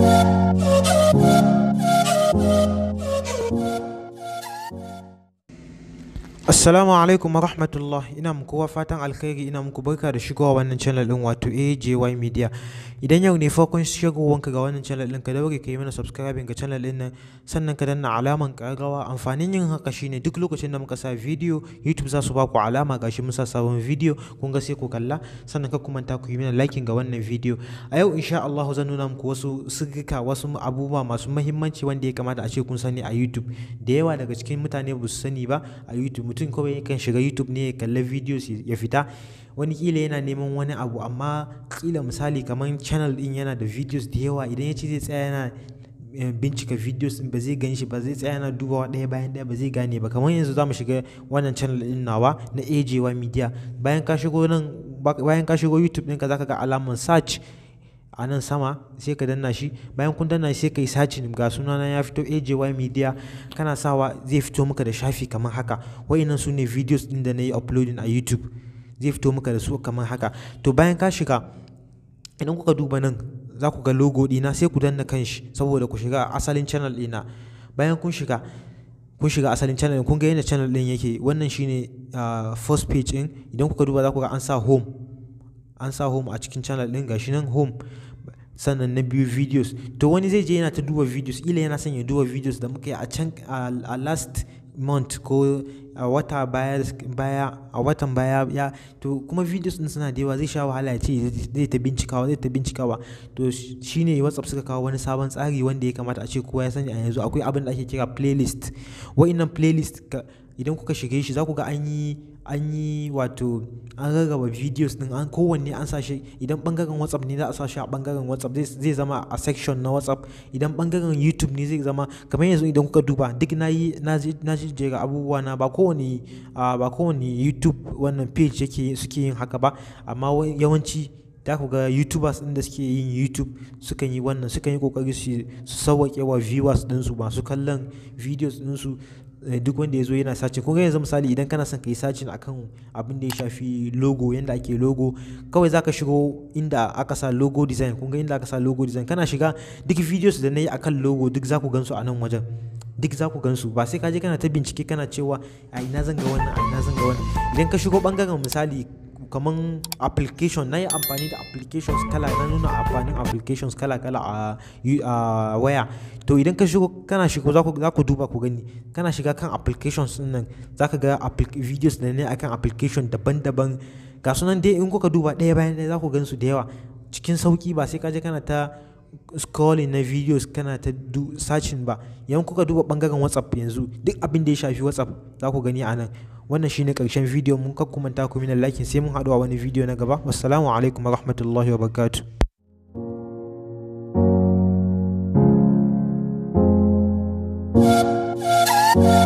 Thank you. Assalamu alaikum rahmatullah ina muku wa fatan alkhairi ina muku barka da shigowa wannan channel din wato AJY Media idan yau ne farkon shigowanka ga wannan channel din ka dauke ka mana subscribing ga channel din nan sannan ka danna alaman karawa amfanin yin haka shine duk lokacin da muka sa video YouTube za su baku alama gashi mun sa sabon video kun ga sai ku kalla sannan ka kumanta ku yi mana liking ga wannan video a yau insha Allah zan nuna muku wasu sirrika wasu abubuwa masu muhimmanci wanda ya kamata a ce kun sani a YouTube da yawa daga cikin mutane ba su sani ba a YouTube mutum kawai yakan shiga youtube ne ya kalli video ya fita wani kila yana neman wani abu amma kila misali kamar channel din yana da videos da yawa idan ya ce zai tsaya yana eh, bincika videos ba zai gan shi ba zai tsaya yana dubawa ɗaya bayan ɗaya ba zai gane ba kamar yanzu za mu shiga wannan channel din nawa na AJY media bayan ka shigo nan bayan ka shigo youtube ɗinka zaka ga alaman search a nan sama sai ka danna shi bayan kun danna shi sai ka yi sacin ga sunana ya fito AJY Media kana sawa zai fito maka da shafi kamar haka wayannan su ne videos din da na yi uploading a YouTube zai fito maka da su kamar haka to bayan ka shiga idan kuka duba nan za ku ga logo dina sai ku danna kan shi saboda ku shiga asalin channel dina bayan kun shiga kun shiga asalin channel kun ga yadda channel din yake wannan shine ah, first page din idan kuka duba za ku ga an sa home an sa home a cikin channel din gashi nan home sannan na biyu videos to wani zai je yana ta duba videos ila yana son ya duba videos da muka yi a can a last month ko a wata baya baya a watan baya ya to kuma videos din suna da yawa zai sha wahala ya ce zai ta bincikawa zai ta bincikawa to shine WhatsApp suka kawo wani sabon tsari wanda ya kamata a ce kowa ya sani a yanzu akwai abin da ake kira playlist wa'innan playlist idan kuka shige shi za ku ga an yi an yi wato an rarraba videos din an kowanne an sashi idan bangaren whatsapp ne za a sashi a bangaren whatsapp zai zama a section na whatsapp idan bangaren youtube ne zai zama kamar yanzu idan kuka duba duk na yi na jera abubuwa na ba kowane ba kowane youtube wannan page yake suke yin haka ba amma yawanci za ku ga youtubers ɗin da suke yin youtube sukan yi wannan sukan yi kokari su sauwaƙe wa viewers ɗinsu masu kallon videos ɗinsu eh, duk wanda ya zo yana sacin kun yanzu misali idan kana son ka yi sacin akan abin da ya shafi logo yanda ake logo kawai zaka shigo inda aka sa logo design kun inda aka sa logo design kana shiga duk videos da na yi akan logo duk za ku gansu a nan wajen duk za ku gansu ba sai ka je kana ta bincike kana cewa a ina zan ga wannan a ina zan ga wannan idan ka shigo bangaren misali kaman application na yi amfani da applications kala na nuna amfanin applications kala kala a waya to idan ka shigo kana shigo za ku duba ku gani kana shiga kan applications nan za ka ga videos da ne akan application daban-daban ga sunan dai in kuka duba ɗaya bayan ɗaya za ku gan su da yawa cikin sauki ba sai ka je kana ta scrolling na videos kana ta searching ba yan kuka duba bangaren whatsapp yanzu duk abin da ya shafi whatsapp za ku gani a nan wannan shine karshen video mun kumanta ku mina lakin sai mun haɗu a wani video na gaba wassalamu alaikum warahmatullahi wabarakatuh